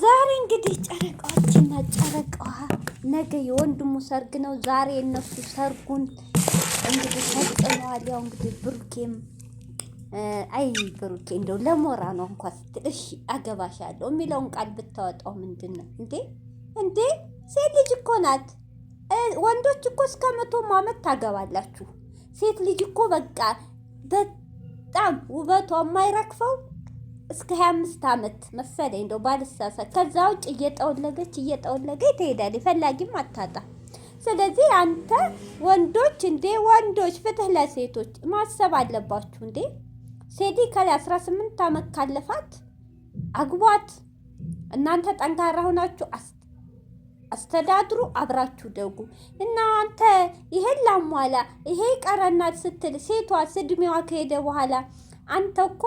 ዛሬ እንግዲህ ጨረቃዎችና ጨረቃዋ ነገ የወንድሙ ሰርግ ነው። ዛሬ እነሱ ሰርጉን እንግዲህ ፈጽመዋል። ያው እንግዲህ ብሩኬም አይ ብሩኬ እንደው ለሞራ ነው እንኳ ስትል እሺ አገባሻለሁ የሚለውን ቃል ብታወጣው ምንድን ነው እንዴ? እንዴ ሴት ልጅ እኮ ናት። ወንዶች እኮ እስከ መቶም ዓመት ታገባላችሁ። ሴት ልጅ እኮ በቃ በጣም ውበቷ የማይረክፈው እስከ 25 ዓመት መሰለኝ እንደው ባልሳሳት። ከዛ ውጭ እየጠወለገች እየጠወለገች ትሄዳለች፣ ፈላጊም አታጣ። ስለዚህ አንተ ወንዶች እንዴ ወንዶች ፍትህ ለሴቶች ማሰብ አለባችሁ እንዴ። ሴዲ ከላይ 18 ዓመት ካለፋት አግቧት። እናንተ ጠንካራ ሆናችሁ አስተዳድሩ፣ አብራችሁ ደጉ። እናንተ ይሄን ላሟላ ይሄ ቀረናት ስትል ሴቷ እድሜዋ ከሄደ በኋላ አንተ እኮ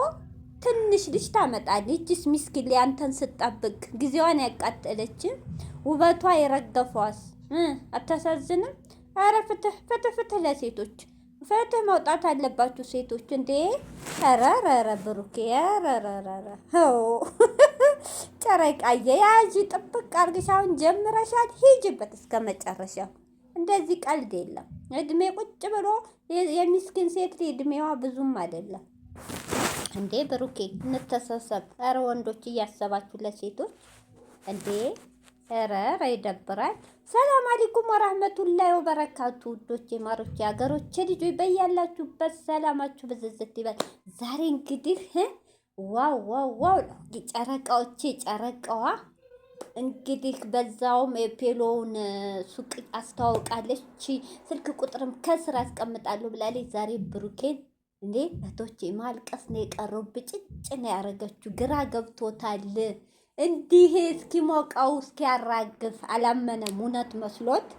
ትንሽ ልጅ ታመጣለች። እጅስ ሚስኪን ያንተን ስጠብቅ ጊዜዋን ያቃጠለች ውበቷ የረገፏስ አታሳዝንም? አረ ፍትህ ፍትህ ፍትህ ለሴቶች ፍትህ መውጣት አለባችሁ ሴቶች እንዴ! ረረረ ብሩኬ ረረረ ጨረቃዬ ያዥ ጥብቅ አርግሽ። አሁን ጀምረሻል፣ ሂጅበት እስከ መጨረሻው። እንደዚህ ቀልድ የለም። እድሜ ቁጭ ብሎ የሚስኪን ሴት እድሜዋ ብዙም አይደለም። እንዴ ብሩኬ እንተሳሰብ። ኧረ ወንዶች እያሰባችሁ ለሴቶች እንዴ ኧረ ኧረ ይደብራል። ሰላም አለይኩም ወራህመቱላሂ ወበረካቱ። ውዶቼ ማሮቼ፣ ሀገሮቼ ልጆች በያላችሁበት ሰላማችሁ ብዝዝት ይበል። ዛሬ እንግዲህ ዋው ዋው ዋው ጨረቃዎቼ፣ ጨረቃዋ እንግዲህ በዛውም የፔሎውን ሱቅ አስተዋውቃለች። ስልክ ቁጥርም ከስር አስቀምጣለሁ ብላለች። ዛሬ ብሩኬን እንዴ እህቶቼ ማልቀስ ነው የቀረው። ብጭጭ ነው ያደረገችው። ግራ ገብቶታል። እንዲህ እስኪሞቀው እስኪያራግፍ አላመነም። እውነት መስሎት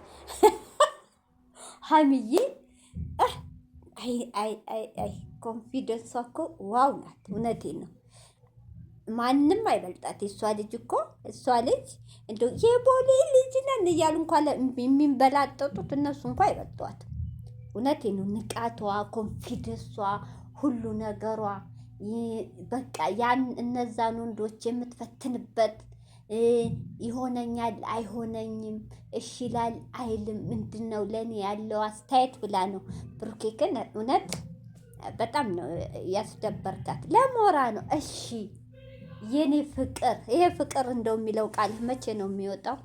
ሀሚዬ ኮንፊደንስ እኮ ዋው ናት። እውነቴ ነው። ማንም አይበልጣት። እሷ ልጅ እኮ እሷ ልጅ እንደ የቦሌ ልጅ ነን እያሉ እንኳን የሚንበላጠጡት እነሱ እንኳ አይበልጧት። እውነቴ ነው። ንቃቷ፣ ኮንፊደንሷ፣ ሁሉ ነገሯ በቃ ያን እነዛን ወንዶች የምትፈትንበት ይሆነኛል አይሆነኝም፣ እሺ ይላል አይልም፣ ምንድን ነው ለእኔ ያለው አስተያየት ብላ ነው። ብሩኬ ግን እውነት በጣም ነው ያስደበርካት። ለሞራ ነው እሺ የኔ ፍቅር ይሄ ፍቅር እንደው የሚለው ቃል መቼ ነው የሚወጣው?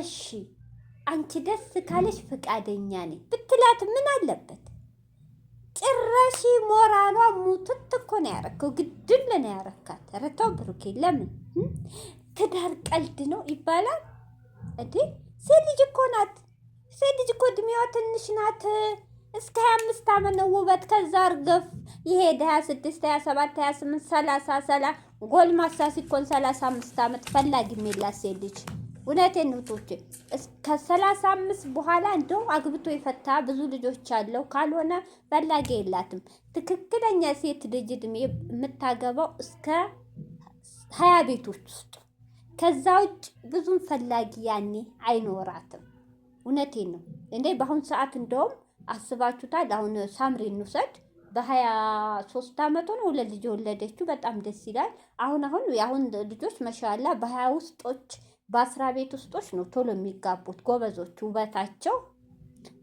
እሺ አንቺ ደስ ካለሽ ፍቃደኛ ነኝ ብትላት ምን አለበት? ጭራሽ ሞራሏ ሙትት እኮ ነው ያረከው። ግድል ነው ያረካት። ረታው ብሩኬ፣ ለምን ትዳር ቀልድ ነው ይባላል እንዴ? ሴት ልጅ እኮ ናት። ሴት ልጅ እኮ እድሜዋ ትንሽ ናት። እስከ ሀያ አምስት ዓመት ነው ውበት። ከዛ እርገፍ ይሄድ ሀያ ስድስት ሀያ ሰባት ሀያ ስምንት ሰላሳ ሰላ ጎልማሳ ሲኮን ሰላሳ አምስት ዓመት ፈላጊ የሚላት ሴት ልጅ እውነቴን እህቶቼ ከሰላሳ አምስት በኋላ እንደው አግብቶ የፈታ ብዙ ልጆች አለው። ካልሆነ ፈላጊ የላትም። ትክክለኛ ሴት ልጅ እድሜ የምታገባው እስከ ሀያ ቤቶች ውስጥ ከዛ ውጭ ብዙም ፈላጊ ያኔ አይኖራትም። እውነቴን ነው። እኔ በአሁን ሰዓት እንደውም አስባችሁታል። አሁን ሳምሪ እንውሰድ በሀያ ሶስት አመቱ ነው ሁለት ልጅ የወለደችው። በጣም ደስ ይላል። አሁን አሁን የአሁን ልጆች መሻላ በሀያ ውስጦች በአስራ ቤት ውስጦች ነው ቶሎ የሚጋቡት ጎበዞች ውበታቸው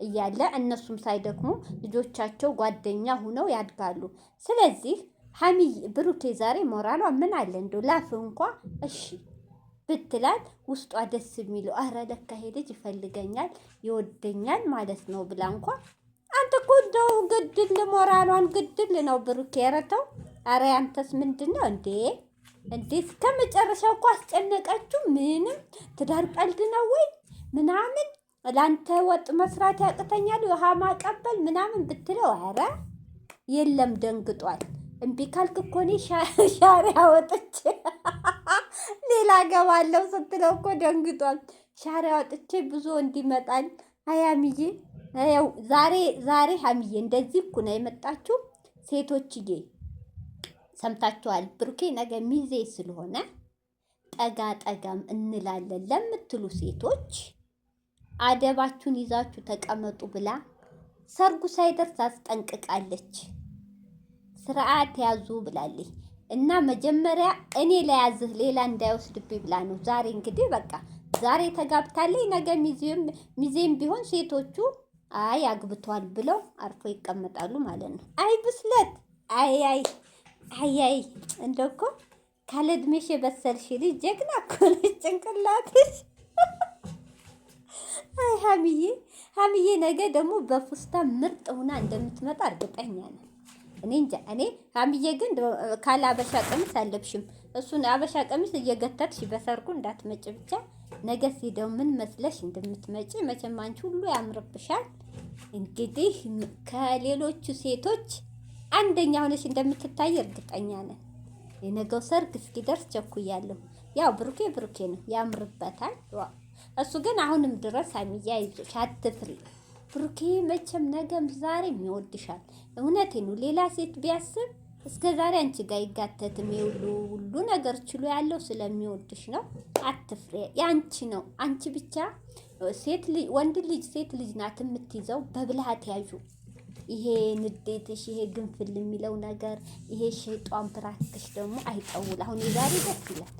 እያለ እነሱም ሳይደክሙ ልጆቻቸው ጓደኛ ሁነው ያድጋሉ። ስለዚህ ሀሚ ብሩኬ ዛሬ ሞራሏ ምን አለ እንዶ ላፍ እንኳ እሺ ብትላት ውስጧ ደስ የሚለው አረ ለካ ይሄ ልጅ ይፈልገኛል ይወደኛል ማለት ነው ብላ እንኳ አንተ እኮ እንደው ግድል ሞራሏን ግድል ነው ብሩኬ ረተው አረ ያንተስ ምንድን ነው እንዴ? እንዴት ከመጨረሻው እኮ አስጨነቀችሁ። ምንም ትዳር ቀልድ ነው ወይ ምናምን ለአንተ ወጥ መስራት ያቅተኛል ውሃ ማቀበል ምናምን ብትለው፣ አረ የለም ደንግጧል። እምቢ ካልክ እኮ እኔ ሻሪያ ወጥቼ ሌላ ገባለው ስትለው እኮ ደንግጧል። ሻሪያ ወጥቼ ብዙ እንዲመጣል ሀያምዬ ዛሬ ዛሬ ሀምዬ እንደዚህ እኮ ነው የመጣችሁ ሴቶችዬ። ሰምታችኋል። ብሩኬ ነገ ሚዜ ስለሆነ ጠጋ ጠጋም እንላለን ለምትሉ ሴቶች አደባችሁን ይዛችሁ ተቀመጡ ብላ ሰርጉ ሳይደርስ አስጠንቅቃለች። ስርዓት ያዙ ብላለች እና መጀመሪያ እኔ ለያዝህ ሌላ እንዳይወስድብኝ ብላ ነው። ዛሬ እንግዲህ በቃ ዛሬ ተጋብታለች። ነገ ሚዜም ቢሆን ሴቶቹ አይ አግብቷል ብለው አርፎ ይቀመጣሉ ማለት ነው። አይ ብስለት! አይ አይ አያይ እንደኮ እኮ ካለ እድሜሽ የበሰልሽ ልጅ ጀግና እኮ ነሽ። ጭንቅላትሽ አይ ሀሚዬ ሀሚዬ ነገ ደግሞ በፉስታ ምርጥ ሁና እንደምትመጣ እርግጠኛ ነው። እኔ እንጃ እኔ ሀሚዬ ግን ካለ አበሻ ቀሚስ አለብሽም። እሱን አበሻ ቀሚስ እየገተርሽ በሰርጉ እንዳትመጭ ብቻ። ነገ ሲደው ምን መስለሽ እንደምትመጪ መቼም አንቺ ሁሉ ያምርብሻል። እንግዲህ ከሌሎቹ ሴቶች አንደኛ ሆነሽ እንደምትታይ እርግጠኛ ነን። የነገው ሰርግ እስኪደርስ ቸኩያለሁ። ያው ብሩኬ ብሩኬ ነው፣ ያምርበታል። እሱ ግን አሁንም ድረስ ሀይሚዬ ይዞሽ አትፍሪ። ብሩኬ መቼም ነገም ዛሬም ይወድሻል። እውነቴ ነው። ሌላ ሴት ቢያስብ እስከ ዛሬ አንቺ ጋር ይጋተትም። የውሉ ሁሉ ነገር ችሎ ያለው ስለሚወድሽ ነው። አትፍሬ የአንቺ ነው። አንቺ ብቻ ሴት ወንድ ልጅ ሴት ልጅ ናት የምትይዘው። በብልሃት ያዩ ይሄ ንዴትሽ፣ ይሄ ግንፍል የሚለው ነገር፣ ይሄ ሸይጧን ብራክሽ ደግሞ አይጠውል። አሁን የዛሬ ደስ ይላል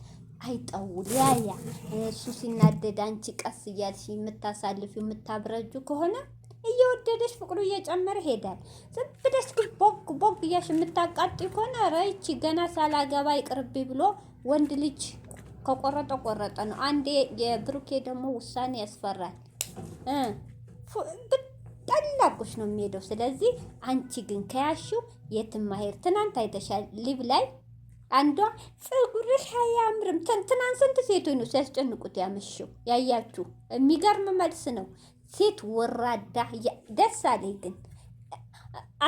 አይጠውል። ያያ እሱ ሲናደድ አንቺ ቀስ እያልሽ የምታሳልፊው የምታብረጁ ከሆነ እየወደደሽ ፍቅሩ እየጨመረ ሄዳል። ዝም ብለሽ ግን ቦግ ቦግ እያልሽ የምታቃጥል ከሆነ ኧረ ገና ሳላገባ ይቅርብ ብሎ ወንድ ልጅ ከቆረጠ ቆረጠ ነው። አንዴ የብሩኬ ደግሞ ውሳኔ ያስፈራል። ቀላ ነው የሚሄደው። ስለዚህ አንቺ ግን ከያሽው የትም ማሄድ ትናንት አይተሻል። ሊብ ላይ አንዷ ፀጉር አያምርም፣ ትናንት ስንት ሴቶች ነው ሲያስጨንቁት ያመሽው ያያችሁ። የሚገርም መልስ ነው። ሴት ወራዳ ደስ አለኝ ግን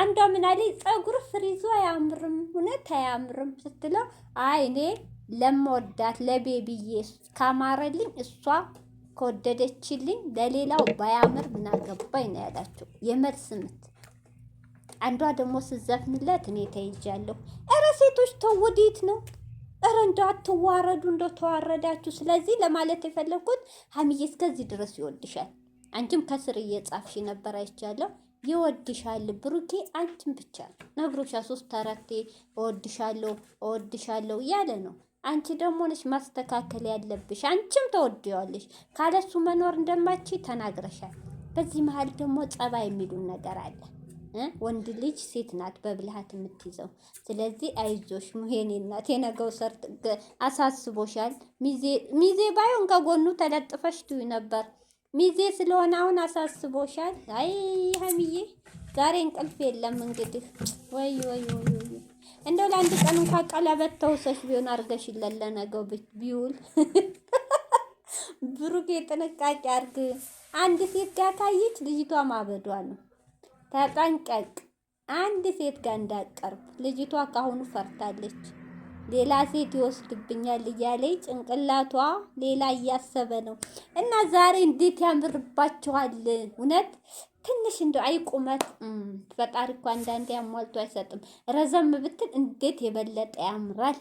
አንዷ ምን አለ ፀጉር ፍሪዙ አያምርም፣ እውነት አያምርም ስትለው አይኔ እኔ ለመወዳት ለቤቢዬ ካማረልኝ እሷ ከወደደችልኝ ለሌላው ባያምር ምን አገባኝ ነው ያላቸው። የመልስ ምት አንዷ ደግሞ ስዘፍንለት እኔ ተይጃለሁ። እረ ሴቶች ተውዲት ነው። እረ እንደው አትዋረዱ፣ እንደው ተዋረዳችሁ። ስለዚህ ለማለት የፈለግኩት ሀሚዬ እስከዚህ ድረስ ይወድሻል። አንቺም ከስር እየጻፍሽ ነበር አይቻለሁ። ይወድሻል ብሩኬ፣ አንቺም ብቻ ነግሮሻ ሶስት አራቴ እወድሻለሁ፣ እወድሻለሁ እያለ ነው። አንቺ ደግሞ ነሽ ማስተካከል ያለብሽ። አንቺም ተወደዋለሽ ካለሱ መኖር እንደማች ተናግረሻል። በዚህ መሀል ደግሞ ጸባይ የሚሉን ነገር አለ። ወንድ ልጅ ሴት ናት በብልሃት የምትይዘው። ስለዚህ አይዞሽ ሙሄኔ ናት የነገው ሰርጥ አሳስቦሻል። ሚዜ ባይሆን ከጎኑ ተለጥፈሽ ትዩ ነበር። ሚዜ ስለሆነ አሁን አሳስቦሻል። አይ ሀሚዬ ዛሬ እንቅልፍ የለም እንግዲህ ወይ ወይ ወይ እንደው ለአንድ ቀን እንኳ ቀለበት ተውሰሽ ቢሆን አድርገሽ ይለለ ነገው ቢውል ብሩኬ ጥንቃቄ አድርግ። አንድ ሴት ጋር ታየች ልጅቷ ማበዷ ነው። ተጠንቀቅ። አንድ ሴት ጋር እንዳቀርብ ልጅቷ ካሁኑ ፈርታለች። ሌላ ሴት ይወስድብኛል እያለኝ ጭንቅላቷ ሌላ እያሰበ ነው። እና ዛሬ እንዴት ያምርባችኋል! እውነት ትንሽ እንደ አይቁመት ፈጣሪ እኮ አንዳንዴ አሟልቶ አይሰጥም። ረዘም ብትል እንዴት የበለጠ ያምራል።